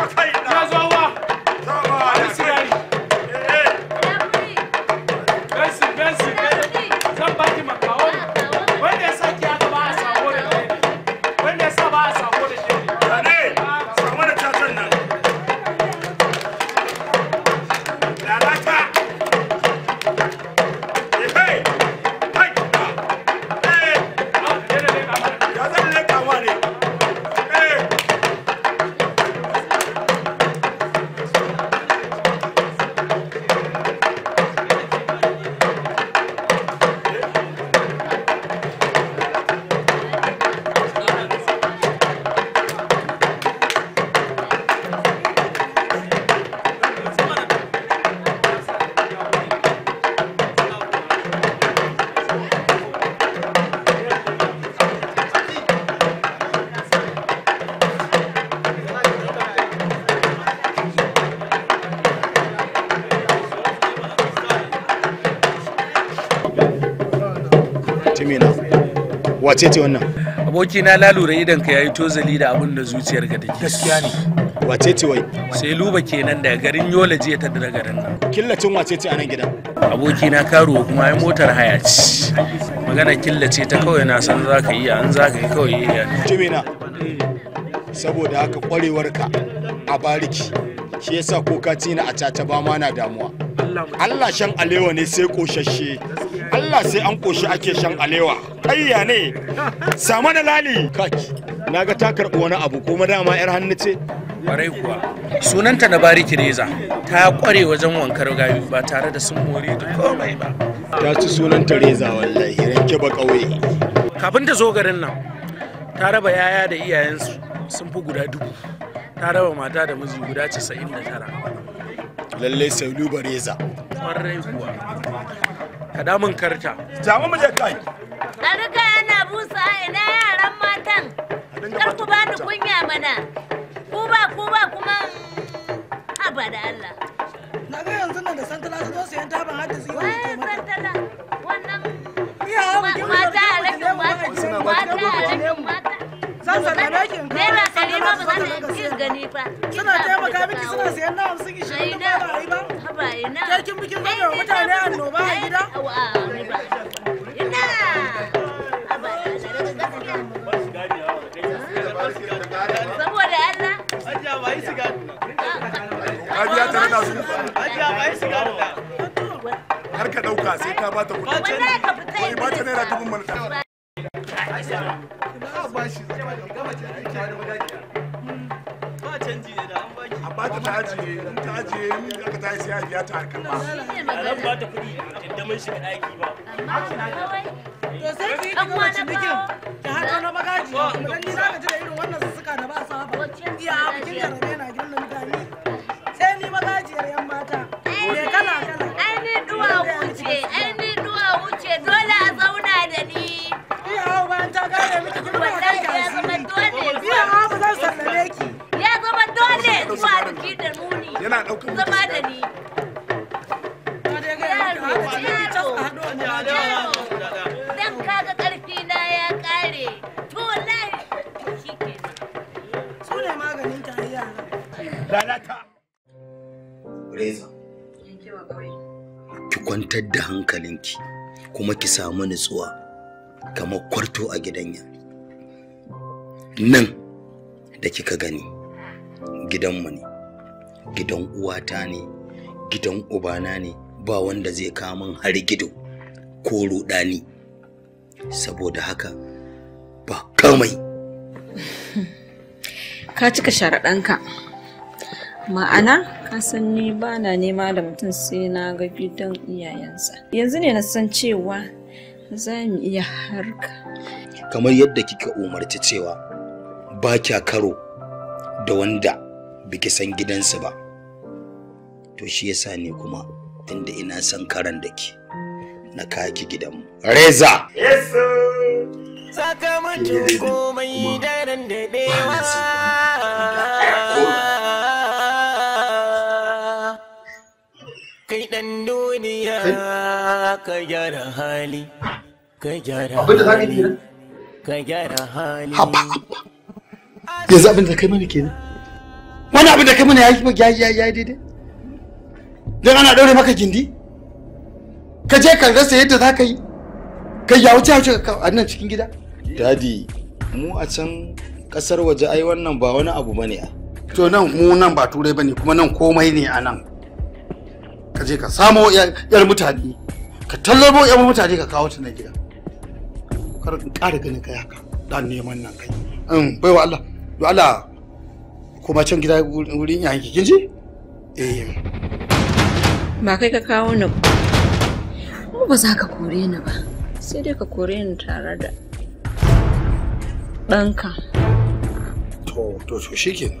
我猜 na wace ce wannan aboki na lalura idan ka yayi tozali da abun da zuciyar ka take gaskiya ne wace ce wai sai luba kenan da garin yola jiya ta dira garin nan killacin wace ce a nan gidan aboki na karo kuma ai motar haya ce magana killace ta kawai na san za ka iya an za ka yi kawai iya jimina saboda haka kwarewarka a bariki shi yasa ko ka tina a caca ba ma na damuwa Allah shan alewa ne sai koshashe Allah sai an koshi ake shan alewa ayya ne samu da lali kaki na ga ta karɓi wani abu kuma dama yar hannu ce kwarai kuwa sunanta na bari kireza ta kware wajen wankar gayu ba tare da sun more da komai ba ta ci sunanta reza wallahi ranke ba kauye kafin ta zo garin nan ta raba yaya da iyayensu sun fi guda dubu ta raba mata da miji guda da tara. lallai sai bareza kwarai kuwa Kada mun karta. Jamu mu je kai. Ɗarika yana busa a ina yaran matan. Kar ku bani kunya mana. Ku ba ku ba kuma abada Allah. Na ga yanzu nan da santala su zo sayan taban hadda su yi wani taimaka. santala wannan mata a rashin mata mata a rashin mata. Zan sallame ki in kawo Naira ɗari ma ba za ta iya gani fa. Suna taimaka miki suna sayan na hamsin ishirin da ba a yi ba. ba ina. Ke kin bikin zama mutane annoba a gida? Ina. Saboda Allah. Ajiya ba yi Ajiya tare da su. Ajiya ba yi da. Har ka ɗauka sai ka ta kuɗi. Wallahi ka fita. ba ta naira dubu malta. Ba shi. ce a ba ta ta ajiye in ta ajiye in aka ta sai ajiya ta harkar ba a nan ba ta kuɗi da mun shiga ɗaki ba to sai ki yi kuma cinikin da haka na bagaji kuma dan ni za ka ji da irin wannan sussuka da ba sa ba. iya abu kin yarda yana girma mutane sai ni bagajiyar yan mata me kala kala ai ni duwa wuce ai ni duwa wuce dole a zauna da ni iya hau bayan ta gane miki kuma ta kai ɗau sigarin nan yana zama da ni dan kaga ƙarfi na ya ƙare to wallahi ki kwantar da hankalinki kuma ki samu nutsuwa kamar kwarto a gidan yari nan da kika gani gidanmu ne gidan uwata ne gidan ubana ne ba wanda zai kamun har gido ko rudani saboda haka ba kamai ka cika sharaɗanka ma'ana ka san ni ba na nema da mutum sai na ga gidan iyayensa yanzu ne na san cewa za mu iya harka kamar yadda kika umarci cewa ba kya karo da wanda biki san gidansu ba to shi yasa ne kuma tunda ina san karan da ke na kaki gidanmu reza yes, sakamakon komai daren da dewa kai dan duniya ka gyara hali ka gyara hali ka gyara hali yanzu abin da kai mana kenan wani abin da kai mana yayi ba yayi yayi daidai dan ana daure maka gindi ka je ka rasa yadda za ka yi ka ya wuce wuce a nan cikin gida dadi mu a can kasar waje ai wannan ba wani abu bane to nan mu nan ba turai bane kuma nan komai ne a nan ka je ka samo yar mutane ka tallabo yar mutane ka kawo ta nan gida kar ka ƙara ganin kai haka dan neman nan kai in mm, baiwa Allah don Allah kuma can gida wurin yayanki kin ji eh ba kai ka kawo ni kuma ba za ka kore ni ba sai dai ka kore ni tare da ɗanka to to to shikenan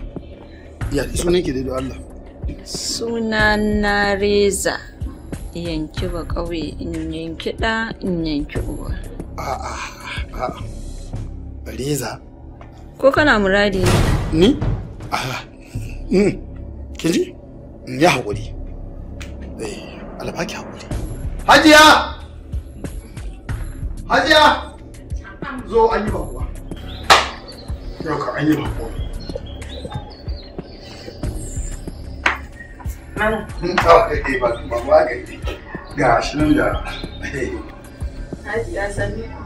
ya sunan ki dai do Allah suna na reza yanki ba kauye in yanki ɗa in yanki uwa a'a a'a reza Ko kana muradi ne? Ni? Ah. Mm. Kin ji? Mm, ya haƙuri. Eh, alfaki haƙuri. Hajiya! Hajiya! Zo an yi bakuwa. Yau ka an yi bakuwa. Ga shi nan da. Eh. Hajiya sani.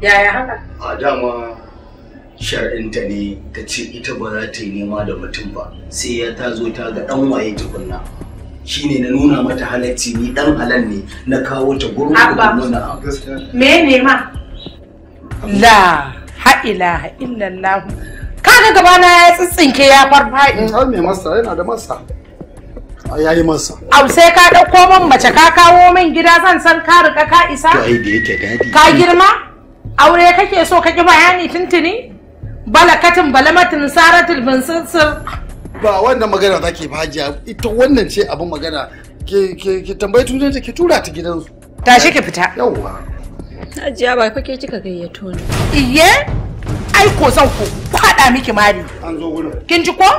Yaya haka? A dama shar'inta ne ta ce ita ba za ta yi nema da mutum ba sai ya ta zo ta ga ɗan waye tukunna. ne na nuna mata halacci ni ɗan halal ne na kawo ta gurin da nuna me ne ma la ha ilaha illallah kaga gaba na ya tsitsinke ya farfaɗi har mm, me masa yana da masa ya yi masa abu sai ka ɗauko min mace ka kawo min gida zan san ka riga ka isa ka girma aure kake so ka ki bayani tuntuni balakatin balamatin saratul bansansir ba wannan magana zake ke hajiya ita wannan ce abin magana ke tambayi ta ke tura ta gidansu tashi ka fita yawwa hajiya ba fa ke kika gayyato ni iye ai ko zan ku kwada miki mari an zo gurin kin ji ko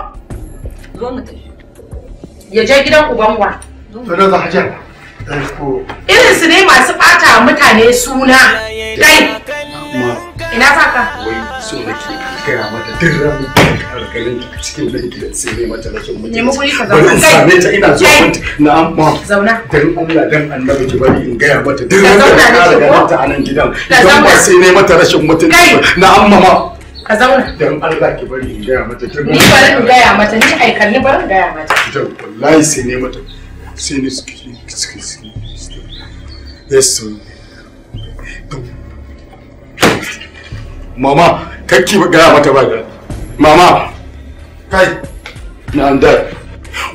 zo mu tafi ya je gidan uban wa to da hajiya irin su ne masu fata mutane suna dai Ina sa ka? Wai so nake mata duk ta a cikin sai ne mata rashin mutunci. ka zauna. Bari same ta ina zuwa na amma. Zauna. Allah dan annabi ki bari in gaya mata duk ta a nan gidan. ba sai ne mata rashin mutunci na amma ma. Ka zauna. Dan Allah ki bari in gaya mata duk Ni bari in gaya mata ni ai kalli bari in gaya mata. Dan wallahi sai ne mata sai ne suke suke suke. Yes mama kakki gaya mata ba daɗi mama kai na an daɗi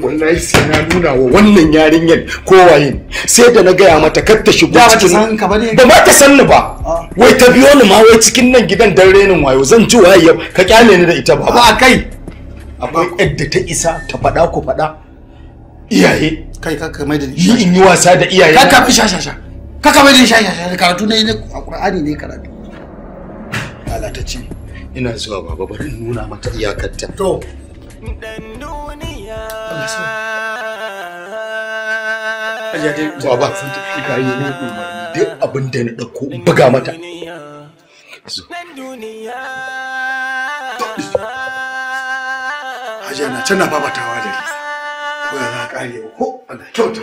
wallahi sai na nuna wa wannan yarinyar kowaye sai da na gaya mata kar ta shigo cikin ba ma ta sanni ba ah. wai ta biyo ni ma wai cikin nan gidan dan renin wayo zan ji waye ka kyale ni da ita ba ba kai akwai yadda ta isa ta faɗa ku faɗa iyaye kai ka mai da yi in yi wasa da iyaye ka ka fi shashasha ka ka mai da shashasha karatu ne a qur'ani ne karatu za ta ce ina zuwa baba bari nuna mata iyakarta to dan duniya baba sun tafi yi duk abin da buga Ko ko